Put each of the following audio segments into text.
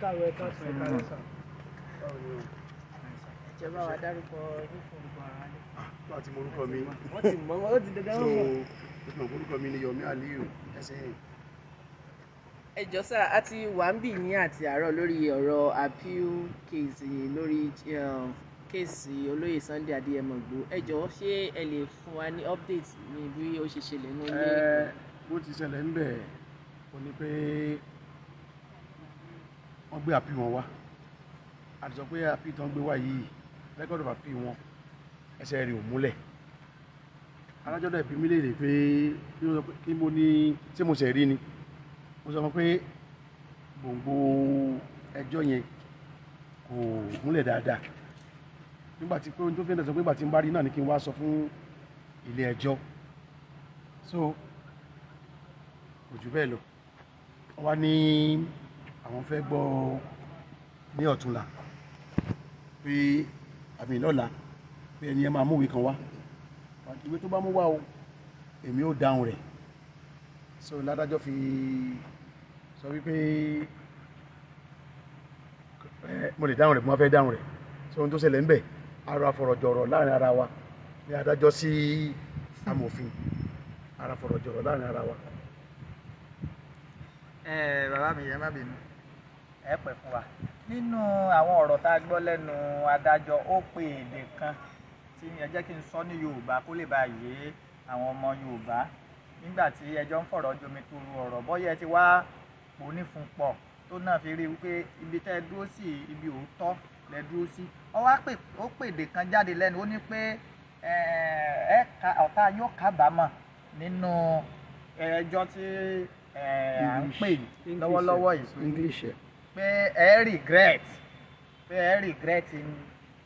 káàárọ̀ ah, ẹ káàsán ẹ káàsán báwo ni o. sá a ti wà ń ní àti àárọ̀ lórí ọ̀rọ̀ appeal case lórí kéèsì um, olóyè Sunday Adéyẹmọ Ìgbòho ẹ jọ ṣé ẹ lè fún wa ní update ní bí ó ṣe ṣẹlẹ̀ ní ilé. Eh, bó ti ṣẹlẹ̀ ń bẹ̀ ó ní pé wọ́n gbé àpì wọn wá àti sọ pé àpì tán gbé wá yìí record of àpì wọn ẹsẹ̀ rẹ̀ ò múlẹ̀ adájọ́ dẹ̀ bi mí léèrè pé kí mo ní tí mo ṣẹ̀ rí ni mo sọ pé gbòǹgbò ẹjọ́ yẹn kò múlẹ̀ dáadáa nígbà tí pé ohun tó fi ń dẹ̀ sọ pé ìgbà tí ń bá rí náà ni kí n wá sọ fún ilé ẹjọ́ so kò jù bẹ́ẹ̀ lọ wọ́n wá ní àwọn fẹ́ gbọ́ ní ọ̀túnla pé àbí lọ́la pé ẹni ẹ máa mú ìwé kan wá ìwé tó bá mú wá o èmi ò dáhùn rẹ̀ so ládájọ́ fi sọ wípé mo lè dáhùn rẹ̀ mo máa fẹ́ dáhùn rẹ̀ so ohun tó ṣẹlẹ̀ ń bẹ̀ ara fọ̀rọ̀jọ̀rọ̀ láàrin ara wa ní adájọ́ sí amòfin ara fọ̀rọ̀jọ̀rọ̀ láàrin ara wa. ẹ bàbá mi yẹn má bínú ẹ pẹ̀ fún wa nínú àwọn ọ̀rọ̀ tá a gbọ́ lẹ́nu adájọ́ ó pe èdè kan tí ẹ jẹ́ kí n sọ ní yorùbá kó lè bá yé àwọn ọmọ yorùbá nígbà tí ẹjọ́ ń fọ̀rọ̀ jomi toro ọ̀rọ̀ bọ́yẹ ti wá pòní fún pọ̀ tó náà fi rí i wípé ibi tẹ́ ẹ dúró sí ibi òótọ́ lẹ dúró sí ó wá pè ó pèdè kan jáde lẹ́nu ó ní pé ẹ ọ̀tá yóò kábàámọ̀ nínú ẹjọ́ tí à ń pè lọ́wọ́lọ́wọ́ yìí pé ẹ regret pé ẹ regret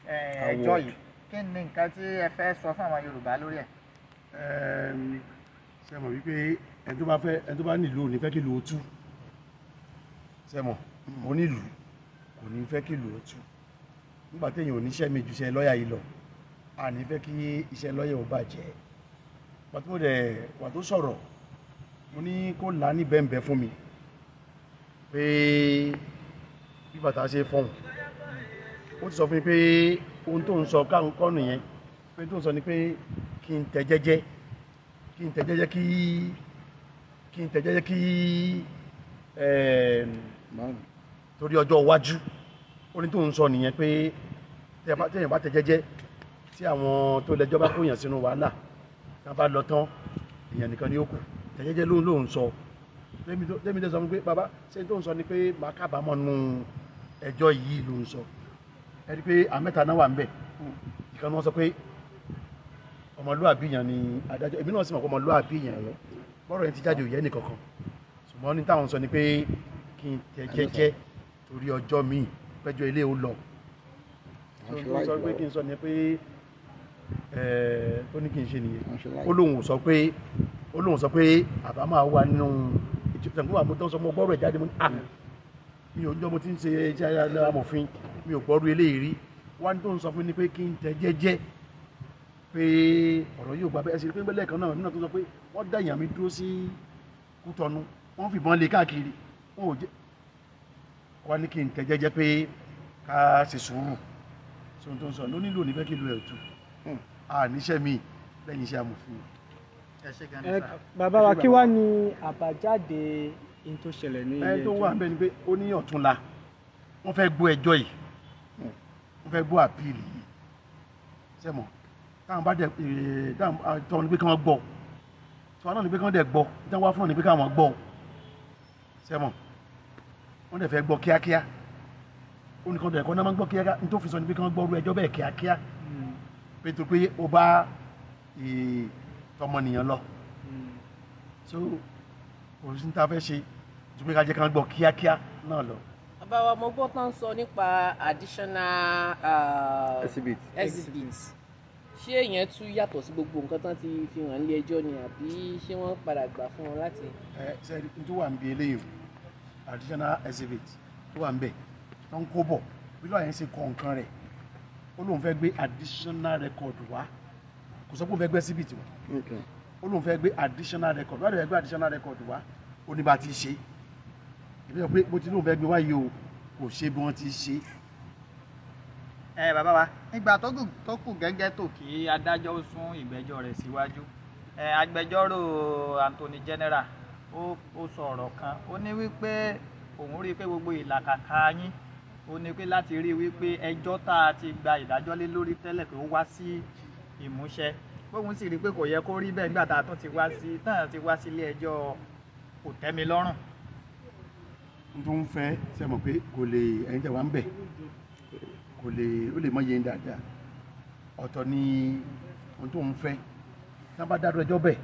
ẹjọ́ yìí kí ni nǹkan tí ẹ fẹ́ sọ fún àwọn Yorùbá lórí ẹ̀. ṣe mọ̀ wípé ẹni tó bá fẹ́ ẹni tó bá nílò ò ní fẹ́ kí lò ó tú ṣe mọ̀ hmm. onílù kò ní fẹ́ kí lò ó tú nígbà téèyàn ò níṣẹ́ mi ju iṣẹ́ lọ́ọ̀yà yìí lọ a ní fẹ́ kí iṣẹ́ lọ́ọ̀yà ò bàjẹ́ pàtó dẹ̀ pàtó sọ̀rọ̀ mo ní kó là á ní bẹ́ẹ̀ bẹ́ẹ̀ fún mi pé. Pe bí bàtà ṣe fọhùn ó ti sọ fún mi pé ohun tó ń sọ káwọn kọ́ nìyẹn pé tó ń sọ ni pé kí n tẹ jẹ́jẹ́ kí n tẹ jẹ́jẹ́ kí kí n tẹ jẹ́jẹ́ kí torí ọjọ́ iwájú ó ní tó ń sọ nìyẹn pé téèyàn bá tẹ jẹ́jẹ́ tí àwọn tó lẹ́jọ́ bá kóyàn sínú wàhálà tá a bá lọ tán èèyàn nìkan ni ó kù tẹ jẹ́jẹ́ lóhùn lóhùn sọ lẹ́mi tó sọ fún mi pé bàbá ṣé tó ń sọ ni pé màá kábàámọ̀ nù ẹjọ́ yìí ló ń sọ ẹ rí i pé àmẹ́ta náà wà ń bẹ̀ ìkan náà sọ pé ọmọlúwàbí yẹn ni adájọ́ èmi náà sì mọ̀ pé ọmọlúwàbí yẹn bọ́rọ̀ yẹn ti jáde òye nìkankan ṣùgbọ́n ní táwọn sọ ni pé kí n tẹ jẹ́jẹ́ torí ọjọ́ míì pẹ́jọ́ ilé ó lọ sọ pé kí n sọ ni pé ó ní kí n ṣe nìyẹn ó lóun sọ pé ó lóun sọ pé àbá máa wà nínú ìjọba àmútọ́sọmọ gbọ́rọ̀ ìjáde mọ́ ní ah, mi ò jọ́ mo ti ń ṣe iṣẹ́ amòfin mi ò gbọ́rú eléyìí rí wá ní tó ń sọ fún mi pé kí n tẹ jẹ́jẹ́ pé ọ̀rọ̀ yóò gba bẹ́ẹ̀ sí pé lẹ́ẹ̀kan náà nínú tó sọ pé wọ́n dá ìyàn mi dúró sí kútọ́nu wọ́n fìbọn lé káàkiri wọn ò jẹ́ wá ní kí n tẹ jẹ́jẹ́ pé ká ṣe sùúrù tí wọ́n tó ń sọ ló nílò nífẹ̀ẹ́ kí lu ẹ̀ tù hmm. mi lẹ́yìn iṣẹ́ amòfin. bàbá wa kí wàá ní àbájáde in tó ṣẹlẹ̀ ní ilé ẹjọ́. ẹ tó wà ń ni pé ó ní ọ̀túnla wọ́n fẹ́ gbọ́ ẹjọ́ yìí wọ́n fẹ́ gbọ́ àpíìlì yìí sẹ́mọ̀ táwọn bá dẹ̀ tọ́ ni pé kí wọ́n gbọ́ tí wọ́n náà ni pé kí wọ́n dẹ̀ gbọ́ tí wọ́n wá fún ọ ni pé kí wọ́n gbọ́ sẹ́mọ̀ wọ́n dẹ̀ fẹ́ gbọ́ kíákíá ó ní kí dẹ̀ kọ́ náà máa gbọ́ kíákíá ní tó fi sọ ni pé kí wọ́n gbọ́ ẹjọ́ bẹ́ẹ̀ kíákíá pétro pé ó bá tọmọnìyàn lọ hmm. so òṣìṣẹ́ ta fẹ́ ṣe ju ká jẹ́ ká gbọ́ kíákíá náà lọ. bàbá mo gbọ́ tán sọ nípa additional uh, exhibits ṣé èèyàn tún yàtọ̀ sí gbogbo nǹkan tán ti fi hàn ní ẹjọ́ ni àbí ṣé wọ́n padà gbà fún wọn láti. ẹ ṣe n tó wà ń bi eléyìí o additional exhibit tó wà ń bẹ̀ tó ń kó bọ̀ bí lọ́ọ̀yà ń kọ nǹkan rẹ̀ ó lóun fẹ́ gbé additional record wá kò sọ pé òun fẹ́ gbé exhibit wá ó lóun fẹ́ gbé additional record wá lóun fẹ́ gbé additional record wá ó ní bá ti ṣe é ìbí sọ pé mo ti lóun fẹ́ gbé wáyé o kò ṣe bí wọ́n ti ṣe. ẹ bàbá wa ìgbà tó kù gẹ́gẹ́ tó kí adájọ́ ó sún ìgbẹ́jọ́ rẹ̀ síwájú agbẹjọ́rò Anthony General ó sọ ọ̀rọ̀ kan ó ní wípé òun rí i pé gbogbo ìlàkàkà yín ó ní pé láti rí i wípé ẹjọ́ tá a ti gba ìdájọ́ lé lórí tẹ́lẹ̀ tó wá sí ìmúṣẹ bóun sì rí i pé kò yẹ kó rí bẹ́ẹ̀ nígbà tá a tún ti wá sí tán ti wá sílé ẹjọ́ kò tẹ́mi lọ́rùn tó ń fẹ́ ṣe mọ̀ pé kò lè ẹ̀yin tẹ̀ wá ń bẹ̀ kò lè ó lè mọ yẹn dáadáa ọ̀tọ̀ ni ohun tó ń fẹ́ tí wọ́n bá dá ẹjọ́ bẹ̀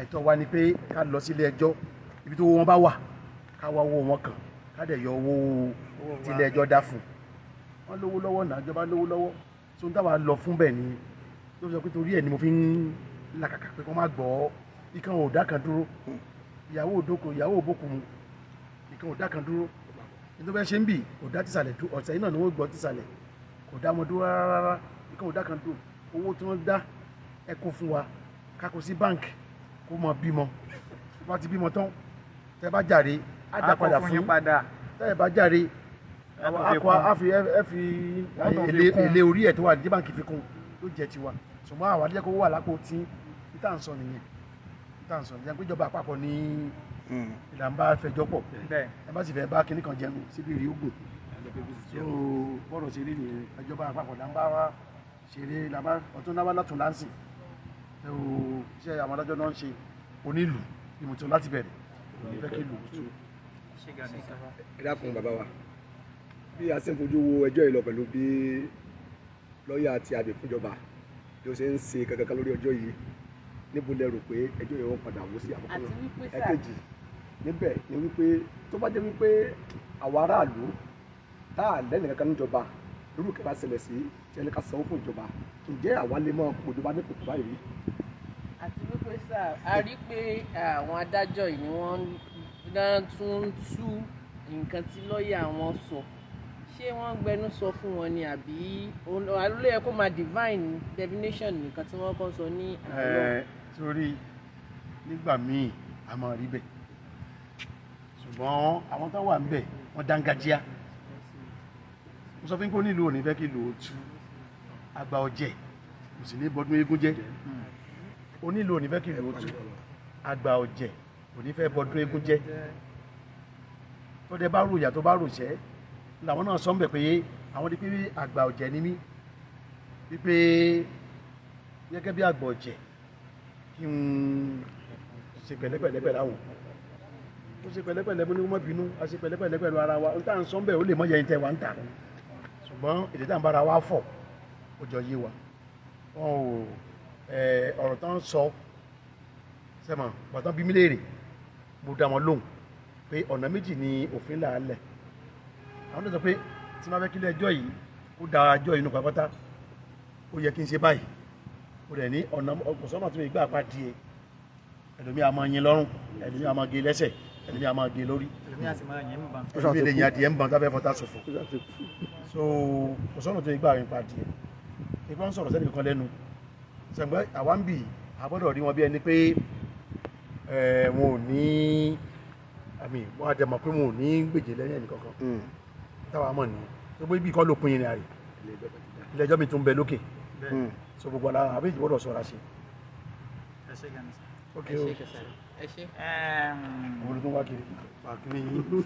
ẹ̀tọ́ wa ni pé ká lọ sílé ẹjọ́ ibi tó wọn bá wà ká wá owó wọn kàn ká dẹ̀ yọ owó tilé ẹjọ́ dá fún wọn lówó lọ́wọ́ náà ìjọba lówó lọ́wọ́ tó ń dábàá lọ fún bẹ́ẹ̀ ni tó sọ pé torí ẹ̀ ni mo fi ń làkàkà pé kó má gbọ́ ikán òdà kan dúró ìyàwó òdòkó ìyàwó òbókùn nìkan ò dá kan dúró nítorí bẹ́ẹ̀ ṣe ń bì kò dá tìsàlẹ̀ dúró ọ̀sẹ̀ yìí náà ni wọ́n gbọ́ tìsàlẹ̀ kò dá ọmọ dúró rárá nìkan ò dá kan dúró owó tí wọ́n dá ẹ kó fún wa ká kó sí báǹkì kó mọ bímọ tó bá ti bímọ tán tẹ bá jàre á dá padà fún yín tẹ bá jàre akọ àfi ẹfi èlé orí ẹ tó wà ní báǹkì fi kún ló jẹ tiwa ṣùgbọ́n àwọn adé wà lápò tí ní tá nìyẹn ní tá nìyẹn pé ìjọba àpapọ̀ ní ìlà ń bá fẹjọ́ pọ̀ ẹ bá sì fẹ́ bá kinní kan jẹun síbi rí ogun so bọ́ọ̀rọ̀ ṣe rí nìyẹn ìjọba àpapọ̀ là ń bá wa ṣeré ọ̀tún náà wà látún láǹsì ṣe àwọn adájọ́ náà ń ṣe onílù ìmùtò láti bẹ̀rẹ̀ ìfẹ́ kí lù tú. ẹ dákun bàbá wa bí a ṣe ń fojú wo ẹjọ́ yìí lọ pẹ̀lú bí lọ́ọ̀yà àti àbẹ̀fúnjọba bí ó ṣe ń ṣe kankan lórí ọjọ́ yìí níbo lẹ rò pé ẹjọ́ yìí wọ́n padà wó sí àkókò ẹ̀kejì níbẹ̀ ni wípé tó bá jẹ́ wípé àwọn aráàlú tá à lẹ́nu kankan níjọba lórí kẹta ṣẹlẹ̀ sí tí ká sanwó fún ìjọba ǹjẹ́ àwa lè mọ òjọba ní kòtò báyìí àti wípé sá a rí pé àwọn adájọ́ yìí ni wọ́n náà tún ń tú nǹkan tí lọ́ọ̀yà wọn sọ ṣé wọ́n gbẹnu sọ fún wọn ni àbí olóyè yẹ kó máa divine definition nǹkan tí wọ́n kọ́ sọ ní. ẹ ẹ sórí nígbà míì a máa rí bẹ́ẹ̀ ṣùgbọ́n àwọn tó wà ń bẹ̀ wọ́n dángájíá mo sọ fún kó nílùú òní fẹ́ kí lò ó tú àgbà ọ̀jẹ̀ kò sì ní bọdún eégún jẹ́ onílùú òní fẹ́ kí lò ó tú àgbà ọ̀jẹ̀ kò ní fẹ́ bọdún eégún jẹ́ tó dẹ bá rò ìyà tó bá rò ṣẹ́ làwọn náà sọ ń bẹ̀ pé àwọn di pé àgbà ọ̀jẹ̀ ni mí wípé gẹ́gẹ́ bí àgbà ọ̀jẹ̀ kí n ṣe pẹ̀lẹ́pẹ̀lẹ́pẹ̀ láwọn mo ṣe pẹ̀lẹ́pẹ̀lẹ́ mo ní wọ́n bínú a ṣe pẹ̀lẹ́pẹ̀lẹ́ pẹ̀lú ara wa n ta n sọ́n bẹ́ẹ̀ ó lè mọ yẹn tẹ wa ń tà ṣùgbọ́n èdè tá n bára wa fọ̀ ó jọ yé wa wọn ò ọ̀rọ̀ tán sọ sẹ́mọ̀ pàtàn bí mílèrè mo dá wọn lóhùn pé ọ̀nà méjì ni òfin là á lẹ̀ àwọn tó sọ pé tí wọ́n fẹ́ kílẹ̀ ẹjọ́ yìí ó da ẹjọ́ yìí nù pàpátá ó yẹ kí n ṣe báyìí ó rẹ̀ ní ọ̀nà ọ̀gbọ̀nsọ́mọ̀ tó yẹ gbà pa díẹ̀ e. ẹlòmíà lọ́rùn ẹlòmíà máa gé lẹ́sẹ̀ ẹlẹ́mi a máa gé lórí ẹlẹ́mi lè yàn adìẹ ń bàn tábẹ́ fọ́tà ṣòfò so kò sọ́nà tó igbá rìn pàdé ẹ̀ ìgbà ń sọ̀rọ̀ sẹ́ni kan lẹ́nu sẹ̀gbẹ́ àwa ń bì àbọ̀dọ̀ rí wọn bí ẹni pé wọn ò ní àmì wọn á dẹ̀mọ̀ pé wọn ò ní gbèjè lẹ́yìn ẹnì kankan hmm. táwa mọ̀ nìyẹn tó gbé ibi kan ló pin ìrìn àrè ilé ẹjọ́ mi tún bẹ lókè so gbogbo àlà àbí ìjìbọ̀dọ̀ sọ̀rọ̀ àṣẹ. ẹ ṣe gan ni sir ẹ ṣe kẹsàn ẹ ṣe. olùdó wákìrì wákìrì yìí.